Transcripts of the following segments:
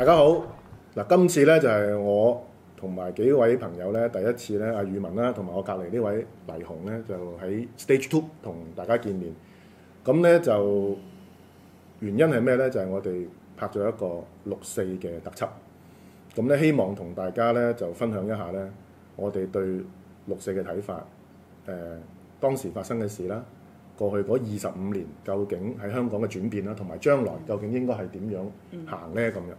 大家好，嗱，今次咧就係我同埋幾位朋友咧，第一次咧，阿宇文啦，同埋我隔離呢位黎雄咧，就喺 Stage Two 同大家見面。咁咧就原因係咩咧？就係、是、我哋拍咗一個六四嘅特輯。咁咧希望同大家咧就分享一下咧，我哋對六四嘅睇法。誒、呃，當時發生嘅事啦，過去嗰二十五年究竟喺香港嘅轉變啦，同埋將來究竟應該係點樣行咧？咁樣。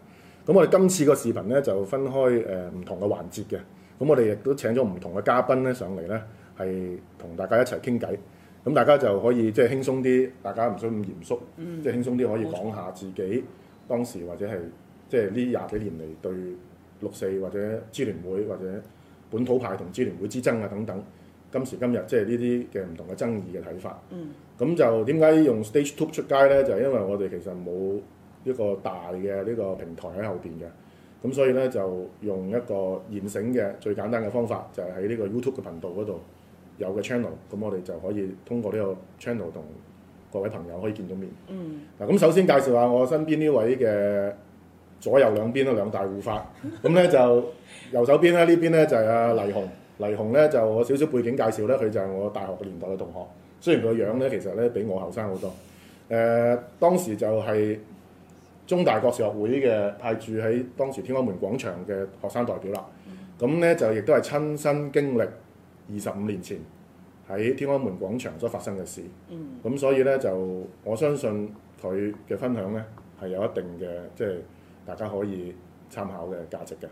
咁我哋今次個視頻咧就分開誒唔同嘅環節嘅，咁我哋亦都請咗唔同嘅嘉賓咧上嚟咧，係同大家一齊傾偈，咁大家就可以即係輕鬆啲，大家唔需要咁嚴肅，即係、嗯、輕鬆啲可以講下自己、嗯、當時或者係即係呢廿幾年嚟對六四或者支聯會或者本土派同支聯會之爭啊等等，今時今日即係呢啲嘅唔同嘅爭議嘅睇法。咁、嗯、就點解用 Stage Two 出街咧？就係因為我哋其實冇一個大嘅呢個平台喺後邊嘅，咁所以呢，就用一個現成嘅最簡單嘅方法，就係喺呢個 YouTube 嘅頻道嗰度有個 channel，咁我哋就可以通過呢個 channel 同各位朋友可以見到面。嗯，嗱咁、啊、首先介紹下我身邊呢位嘅左右兩邊咯，兩大護法。咁呢，就右手邊呢，呢邊呢，就係、是、阿、啊、黎紅，黎紅呢，就我少少背景介紹呢，佢就係我大學嘅年代嘅同學。雖然佢個樣呢，其實呢，比我後生好多，誒、呃、當時就係、是。中大國事學會嘅派駐喺當時天安門廣場嘅學生代表啦，咁咧、嗯、就亦都係親身經歷二十五年前喺天安門廣場所發生嘅事，咁、嗯、所以咧就我相信佢嘅分享咧係有一定嘅，即、就、係、是、大家可以參考嘅價值嘅。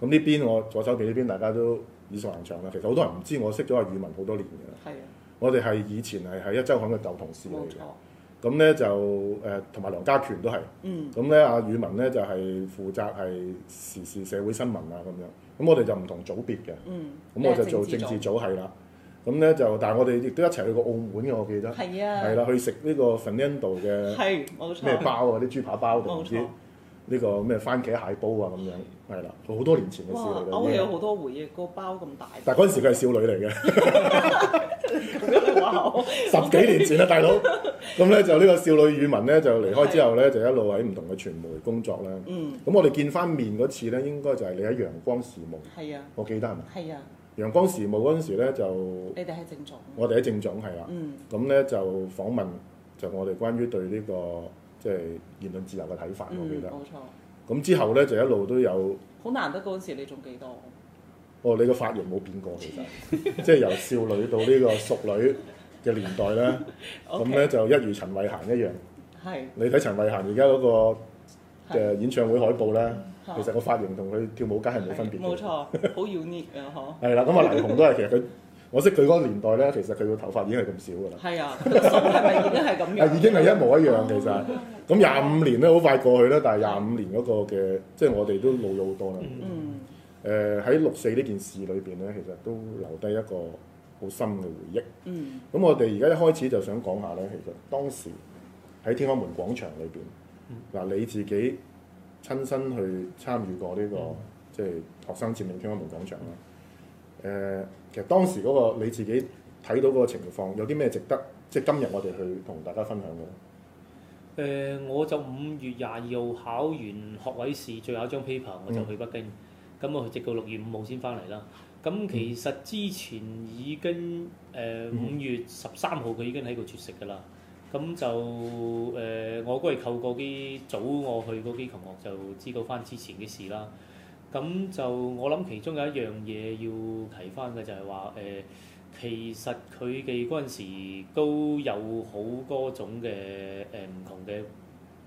咁呢邊我左手邊呢邊大家都耳熟能詳啦。其實好多人唔知我識咗阿宇文好多年嘅，的我哋係以前係喺壹週刊嘅舊同事嚟嘅。咁咧就誒同埋梁家權都係，咁咧阿宇文咧就係負責係時事社會新聞啊咁樣。咁我哋就唔同組別嘅，咁我就做政治組係啦。咁咧就，但係我哋亦都一齊去過澳門嘅，我記得。係啊。係啦，去食呢個 Fernando 嘅咩包啊，啲豬扒包定唔知呢個咩番茄蟹煲啊咁樣。係啦，好多年前嘅事啦。我有好多回憶，個包咁大。但係嗰陣時佢係少女嚟嘅。十幾年前啦，大佬。咁咧就呢個少女語文咧就離開之後咧就一路喺唔同嘅傳媒工作咧。嗯。咁我哋見翻面嗰次咧，應該就係你喺陽光時務。係啊。我記得係嘛？係啊。陽光時務嗰陣時咧就。你哋係正總。我哋喺正總。係啊。嗯。咁咧就訪問就我哋關於對呢個即係言論自由嘅睇法，我記得。嗯。冇錯。咁之後咧就一路都有。好難得嗰陣時你，你仲記得？哦，你個髮型冇變過，其實即係 由少女到呢個熟女。嘅年代咧，咁咧就一如陳慧嫻一樣。係。你睇陳慧嫻而家嗰個嘅演唱會海報咧，其實個髮型同佢跳舞街係冇分別。冇錯，好 unique 啊！嗬。係啦，咁阿黎鴻都係，其實佢我識佢嗰個年代咧，其實佢個頭髮已經係咁少噶啦。係啊，係咪已經係咁樣？已經係一模一樣其實，咁廿五年咧好快過去啦，但係廿五年嗰個嘅即係我哋都老咗好多啦。嗯。誒喺六四呢件事裏邊咧，其實都留低一個。好深嘅回憶。咁、嗯、我哋而家一開始就想講下咧，其實當時喺天安門廣場裏邊，嗱、嗯啊、你自己親身去參與過呢、呢個即係、嗯、學生佔領天安門廣場啦。誒、嗯啊，其實當時嗰、嗰個你自己睇到嗰個情況，有啲咩值得即係今日我哋去同大家分享嘅？誒、呃，我就五月廿二號考完學位試，最後一張 paper 我就去北京，咁、嗯、我直到六月五號先翻嚟啦。咁、嗯、其實之前已經誒五、呃嗯、月十三號佢已經喺度絕食㗎啦，咁、嗯、就誒、呃、我嗰日透過啲早我去嗰啲同學就知道翻之前嘅事啦。咁、嗯、就我諗其中有一樣嘢要提翻嘅就係話誒，其實佢哋嗰陣時都有好多種嘅誒唔同嘅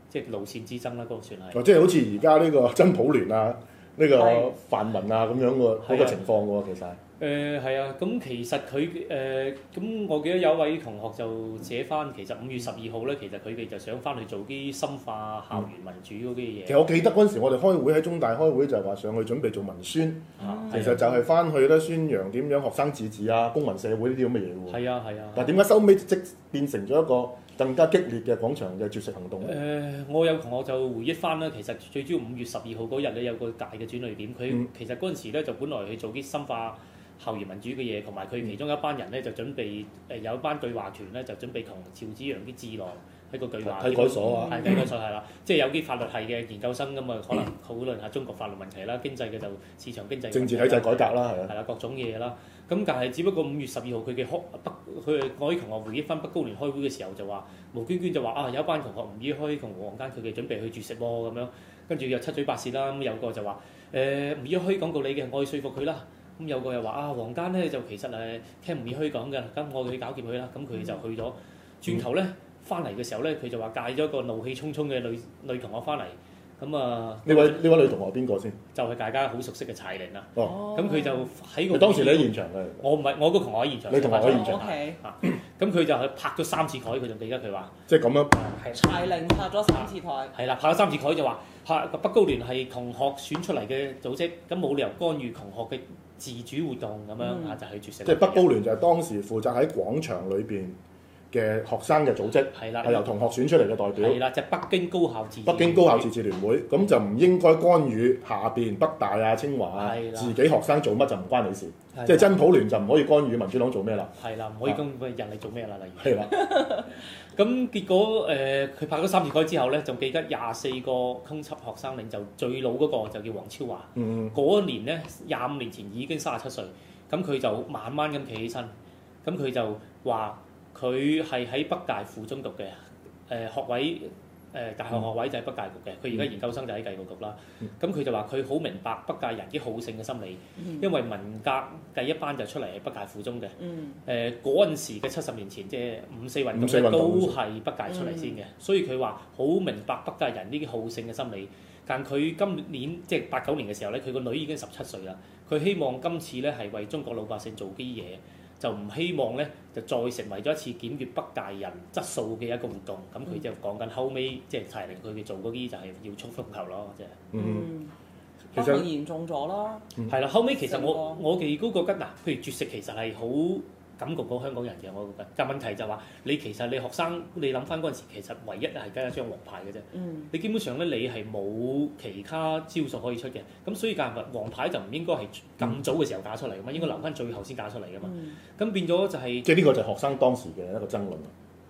即係路線之爭啦，嗰、嗰個算係。即係好似而家呢個真普聯啊！呢個泛民啊咁樣個嗰情況喎，其實誒係啊，咁、呃啊、其實佢誒咁我記得有位同學就寫翻，其實五月十二號咧，其實佢哋就想翻去做啲深化校園民主嗰啲嘢。其實我記得嗰陣時，我哋開會喺中大開會就係話上去準備做文宣，嗯、其實就係翻去咧宣揚點樣學生自治啊、公民社會呢啲咁嘅嘢喎。係啊係啊，但點解收尾即變成咗一個更加激烈嘅廣場嘅絕食行動咧？誒、呃，我有同學就回憶翻啦，其實最主要五月十二號嗰日咧，有個大嘅轉捩點。佢其實嗰陣時咧就本來去做啲深化後嚴民主嘅嘢，同埋佢其中一班人咧就準備誒、呃、有一班對話團咧就準備同趙紫陽啲智囊喺個對話。體改所啊，嗯、體改所係啦，即係、嗯、有啲法律系嘅研究生咁啊，可能討論下中國法律問題啦，經濟嘅就市場經濟、政治體制改革啦，係啊，各種嘢啦。咁但係，只不過五月十二號佢嘅開北，佢嘅嗰啲同學回憶返北高聯開會嘅時候就話，毛娟娟就話啊，有一班同學唔依開同黃間，佢哋準備去絕食喎咁樣，跟住又七嘴八舌啦。咁、嗯、有個就話誒唔依開講道理嘅，我去說服佢啦。咁、嗯、有個又話啊，黃間咧就其實誒聽唔依開講嘅，咁我哋去搞掂佢啦。咁、嗯、佢、嗯嗯、就去咗，轉頭咧翻嚟嘅時候咧，佢就話戒咗個怒氣沖沖嘅女女同學翻嚟。咁啊！呢位呢位女同學係邊個先？就係大家好熟悉嘅柴玲啦。哦，咁佢就喺個當時你喺現場嘅。我唔係，我個同學喺現場。你同學喺現場。O K。嚇，咁佢就係拍咗三次台，佢仲記得佢話。即係咁樣拍。柴玲拍咗三次台。係啦，拍咗三次台就話：嚇，北高聯係同學選出嚟嘅組織，咁冇理由干預同學嘅自主活動咁樣，硬就去絕食。即係北高聯就係當時負責喺廣場裏邊嘅學生嘅組織係啦，係的由同學選出嚟嘅代表係啦，就係、是、北京高校自北京高校自治聯會，咁就唔應該干預下邊北大啊、清華啊，的自己學生做乜就唔關你事，的即係真普聯就唔可以干預民主黨做咩啦，係啦，唔可以咁嘅人嚟做咩啦，例如係啦，咁的 結果誒佢、呃、拍咗三次改之後咧，就記得廿四個通緝學生領袖最老嗰個就叫黃超華，嗯嗰年咧廿五年前已經三十七歲，咁佢就慢慢咁企起身，咁佢就話。佢係喺北大附中讀嘅，誒、呃、學位誒、呃、大學學位就係北大讀嘅，佢而家研究生就喺計過讀啦。咁佢、嗯、就話佢好明白北大人啲好勝嘅心理，嗯、因為文革第一班就出嚟係北大附中嘅，誒嗰陣時嘅七十年前即係五四運動，五四運動都係北大出嚟先嘅，嗯、所以佢話好明白北大人呢啲好勝嘅心理。但佢今年即係八九年嘅時候咧，佢個女已經十七歲啦，佢希望今次咧係為中國老百姓做啲嘢。就唔希望咧，就再成為咗一次檢驗北大人質素嘅一個活動。咁佢就講緊後尾，即係柴玲佢哋做嗰啲就係要出風頭咯，即係。嗯，發病、嗯、實嚴重咗啦。係啦、嗯，後尾其實我個我哋都、覺得，嗱、呃，譬如絕食其實係好。感覺到香港人嘅，我覺得。但問題就話，你其實你學生，你諗翻嗰陣時，其實唯一係加一張黃牌嘅啫。嗯。你基本上咧，你係冇其他招數可以出嘅。咁所以，格唔係黃牌就唔應該係咁早嘅時候打出嚟㗎嘛，嗯、應該留翻最後先打出嚟㗎嘛。咁、嗯、變咗就係、是。即係呢個就係學生當時嘅一個爭論。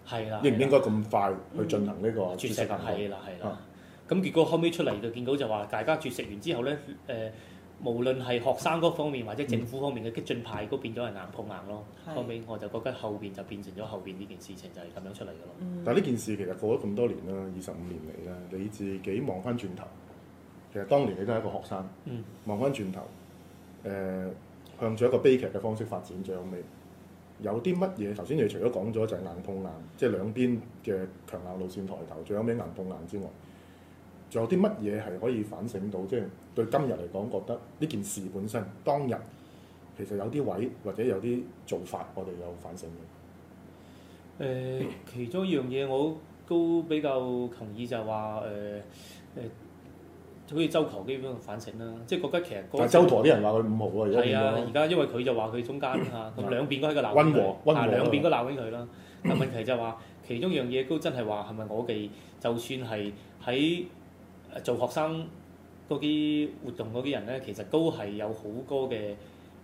係啦。應唔應該咁快去進行呢個行？絕食行為啦，係、嗯、啦。咁、啊、結果後尾出嚟就見到就話，大家絕食完之後咧，誒、呃。啊無論係學生嗰方面或者政府方面嘅激進派，都變咗係硬碰硬咯。是後尾我就覺得後邊就變成咗後邊呢件事情就係咁樣出嚟嘅咯。嗯、但係呢件事其實過咗咁多年啦，二十五年嚟啦，你自己望翻轉頭，其實當年你都係一個學生，望翻轉頭，誒、呃，向住一個悲劇嘅方式發展，最後尾有啲乜嘢？頭先你除咗講咗就係硬碰硬，即係兩邊嘅強硬路線抬頭，最後尾，硬碰硬之外，仲有啲乜嘢係可以反省到？即係對今日嚟講，覺得呢件事本身當日其實有啲位或者有啲做法，我哋有反省嘅。誒，其中一樣嘢我都比較同意，就係話誒誒，好似周台基本反省啦，即係覺得其實周台啲人話佢五毫啊，係啊，而家因為佢就話佢中間嚇，咁兩邊都喺個鬧，溫和，溫和，兩邊都鬧緊佢啦。但問題就係話，其中一樣嘢都真係話係咪我哋就算係喺誒做學生嗰啲活動嗰啲人咧，其實都係有好多嘅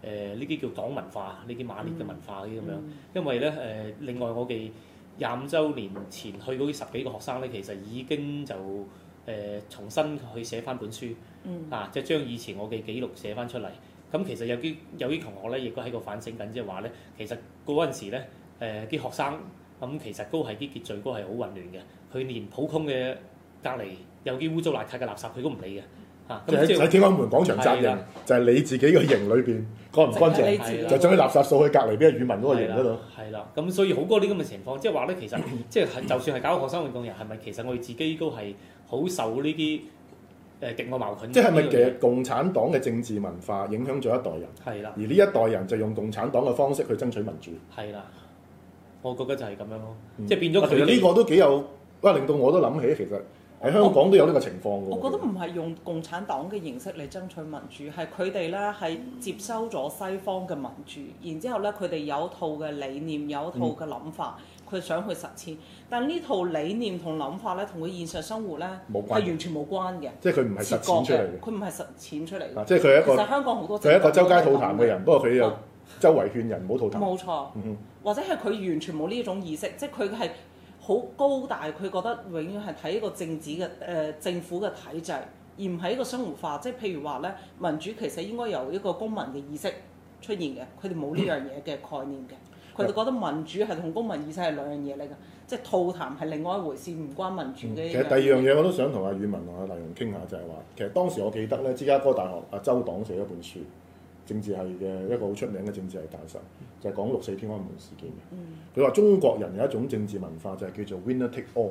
誒呢啲叫黨文化，呢啲馬列嘅文化嗰啲咁樣。嗯嗯、因為咧誒、呃，另外我哋廿五週年前去嗰啲十幾個學生咧，其實已經就誒、呃、重新去寫翻本書，嚇、嗯啊，即係將以前我嘅記錄寫翻出嚟。咁、嗯、其實有啲有啲同學咧，亦都喺度反省緊，即係話咧，其實嗰陣時咧誒啲學生咁、嗯，其實都係啲秩序都係好混亂嘅。佢連普通嘅隔離有啲污糟邋遢嘅垃圾，佢都唔理嘅。就喺天安門廣場紮營，就係你自己個營裏邊乾唔乾淨，就將啲垃圾掃去隔離畀個語民嗰個營嗰度。係啦，咁所以好多啲咁嘅情況，即係話咧，其實即係就算係搞學生運動人，係咪其實我哋自己都係好受呢啲誒極右矛盾？即係咪其實共產黨嘅政治文化影響咗一代人？係啦。而呢一代人就用共產黨嘅方式去爭取民主。係啦，我覺得就係咁樣咯，即係變咗。其實呢個都幾有哇，令到我都諗起其實。喺香港都有呢個情況喎。我覺得唔係用共產黨嘅形式嚟爭取民主，係佢哋咧係接收咗西方嘅民主，然之後咧佢哋有套嘅理念，有套嘅諗法，佢、嗯、想去實踐。但呢套理念同諗法咧，同佢現實生活咧，係完全冇關嘅。即係佢唔係實踐出嚟嘅。佢唔係實踐出嚟。啊，即係佢係一個。其實香港好多就係一個周街吐痰嘅人，不過佢又周圍勸人唔好吐痰。冇錯。嗯、哼或者係佢完全冇呢一種意識，即係佢係。好高，大，佢覺得永遠係睇一個政治嘅誒、呃、政府嘅體制，而唔係一個生活化。即係譬如話咧，民主其實應該由一個公民嘅意識出現嘅，佢哋冇呢樣嘢嘅概念嘅，佢哋覺得民主係同公民意識係兩樣嘢嚟嘅，嗯、即係吐痰係另外一回事，唔關民主嘅、嗯。其實第二樣嘢我都想同阿宇文同阿大雄傾下，就係、是、話其實當時我記得咧，芝加哥大學阿周黨寫咗本書。政治系嘅一個好出名嘅政治系教授，就係講六四天安門事件嘅。佢話中國人有一種政治文化就係叫做 winner take all，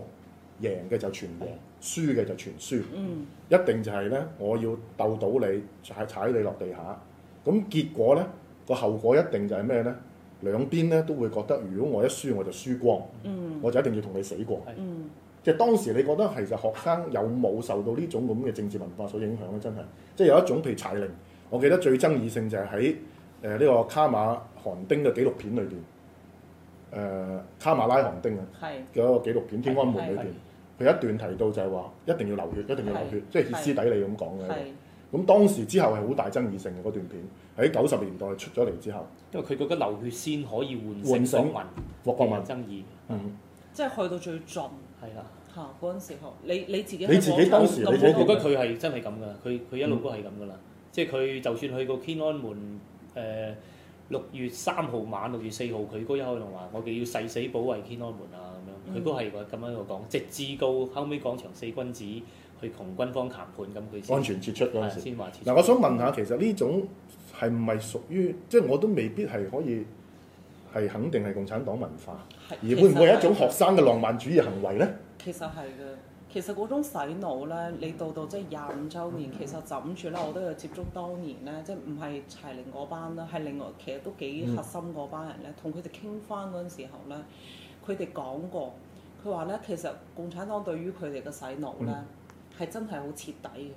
贏嘅就全贏，是的 輸嘅就全輸。嗯、一定就係呢：我要鬥到你，就係踩你落地下。咁結果呢個後果一定就係咩呢？兩邊呢都會覺得，如果我一輸我就輸光，嗯、我就一定要同你死過。是的 嗯、即係當時你覺得其實學生有冇受到呢種咁嘅政治文化所影響咧？真係，即係有一種譬如踩零。我記得最爭議性就係喺誒呢個卡馬韓丁嘅紀錄片裏邊，誒卡馬拉韓丁啊，嗰個紀錄片天安門裏邊，佢一段提到就係話一定要流血，一定要流血，即係歇斯底里咁講嘅。咁當時之後係好大爭議性嘅嗰段片，喺九十年代出咗嚟之後，因為佢覺得流血先可以換換國民，獲國民爭議，嗯，即係去到最盡係啦嚇。嗰陣時你你自己你自己當時，我覺得佢係真係咁噶，佢佢一路都係咁噶啦。即係佢就算去過天安門，誒、呃、六月三號晚、六月四號，佢都一刻可能話：我哋要誓死保衞天安門啊！咁、嗯、樣，佢都係個咁樣個講，直至到後尾廣場四君子去同軍方談判，咁佢先安全撤出嗰時先話撤。嗱，我想問下，其實呢種係唔係屬於，即、就、係、是、我都未必係可以係肯定係共產黨文化，而會唔會係一種學生嘅浪漫主義行為咧？其實係嘅。其實嗰種洗腦咧，你到到即係廿五週年，其實枕住啦。我都有接觸當年咧，即係唔係柴玲嗰班啦，係另外其實都幾核心嗰班人咧，同佢哋傾翻嗰陣時候咧，佢哋講過，佢話咧其實共產黨對於佢哋嘅洗腦咧，係、嗯、真係好徹底嘅。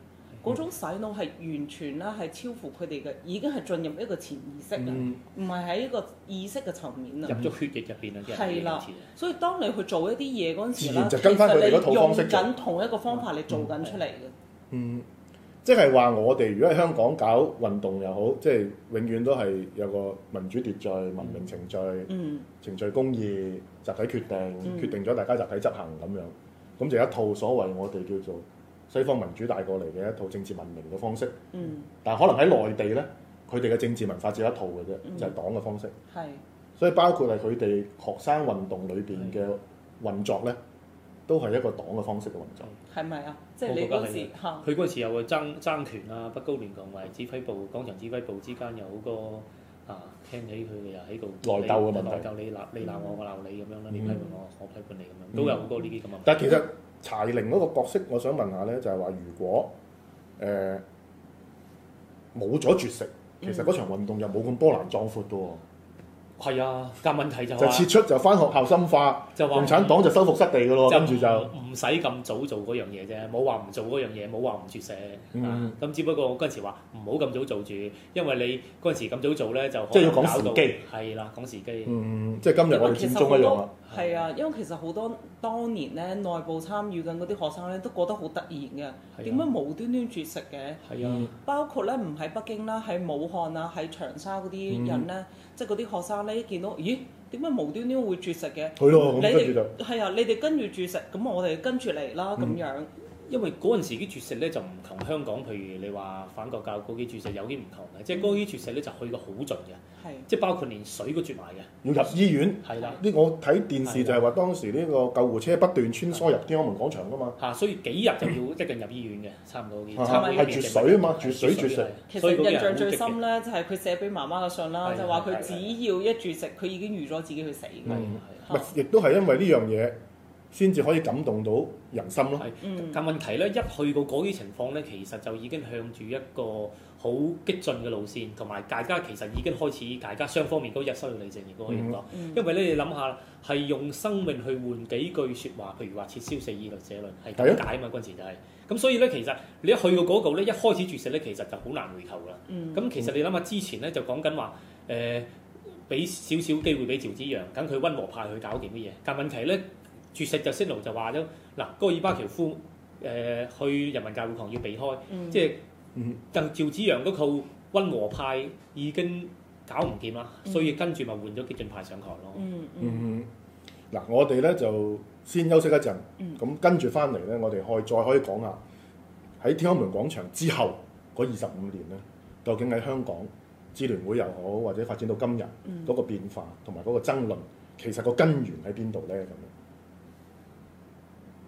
嗰、嗯、種洗腦係完全啦，係超乎佢哋嘅，已經係進入一個潛意識啦，唔係喺一個意識嘅層面啦。入咗血液入邊啦，係啦。所以當你去做一啲嘢嗰陣時啦，就跟返佢哋嗰套方式其實套用緊同一個方法、嗯、你做緊出嚟嘅。嗯，即係話我哋如果喺香港搞運動又好，即係永遠都係有個民主秩序、嗯、文明程序、嗯、程序公義、集體決定、嗯、決定咗大家集體執行咁樣，咁就一套所謂我哋叫做。西方民主帶過嚟嘅一套政治文明嘅方式，但可能喺內地咧，佢哋嘅政治文化只有一套嘅啫，就係黨嘅方式。係，所以包括係佢哋學生運動裏邊嘅運作咧，都係一個黨嘅方式嘅運作。係咪啊？即係你嗰時嚇，佢嗰時又係爭爭權啊，北高聯同埋指揮部、廣場指揮部之間有好多啊，聽起佢哋又喺度內鬥嘅問題。內鬥，你鬧，你鬧我，我鬧你咁樣啦，你批判我我批判你咁樣，都有好多呢啲咁嘅問題。但係其實。柴玲嗰個角色，我想問下咧，就係話如果誒冇咗絕食，其實嗰場運動又冇咁波瀾壯闊噃。係啊，但問題就係撤出就翻學校深化，就話共產黨就收復失地嘅咯，跟住就唔使咁早做嗰樣嘢啫，冇話唔做嗰樣嘢，冇話唔絕食。嗯，咁只不過我嗰陣時話唔好咁早做住，因為你嗰陣時咁早做咧就可能即係要講時機，係啦，講時機。嗯，即係今日我哋佔中一樣啊。係啊，因為其實好多當年咧內部參與緊嗰啲學生咧都覺得好突然嘅，點解、啊、無端端絕食嘅？係啊，包括咧唔喺北京啦，喺武漢啊，喺長沙嗰啲人咧，嗯、即係嗰啲學生咧見到，咦，點解無端端會絕食嘅？係咯、啊，你哋係啊，你哋跟住絕食，咁我哋跟住嚟啦，咁、嗯、樣。因為嗰陣時啲絕食咧就唔同香港，譬如你話反國教嗰啲絕食有啲唔同嘅，即係嗰啲絕食咧就去嘅好盡嘅，即係包括連水都絕埋嘅，要入醫院。係啦，呢個我睇電視就係話當時呢個救護車不斷穿梭入天安門廣場噶嘛。嚇！所以幾日就要即近入醫院嘅，差唔多幾日。嚇！係絕水啊嘛，絕水絕食。其實印象最深咧就係佢寫俾媽媽嘅信啦，就話佢只要一絕食，佢已經預咗自己去死嘅。亦都係因為呢樣嘢。先至可以感動到人心咯，但、嗯、問題咧一去到嗰啲情況咧，其實就已經向住一個好激進嘅路線，同埋大家其實已經開始大家雙方面都日收利淨嘅嗰個現象，嗯、因為咧你諗下，係用生命去換幾句説話，譬如話撤銷四二六社論係點解啊嘛，嗰陣時就係、是，咁所以咧其實你一去到嗰度咧，一開始絕食咧其實就好難回頭噶啦，咁、嗯、其實你諗下之前咧就講緊話誒，俾少少機會俾趙紫陽，等佢温和派去搞掂乜嘢，但問題咧。絕食就 signal 就話咗嗱，戈爾巴喬夫誒、嗯、去人民大會堂要避開，嗯、即係鄧趙紫陽嗰套温和派已經搞唔掂啦，嗯、所以跟住咪換咗激進派上台咯。嗯嗯，嗱、嗯嗯嗯，我哋咧就先休息一陣，咁、嗯、跟住翻嚟咧，我哋可以再可以講下喺天安門廣場之後嗰二十五年咧，究竟喺香港支聯會又好，或者發展到今日嗰個變化同埋嗰個爭論，其實個根源喺邊度咧咁樣？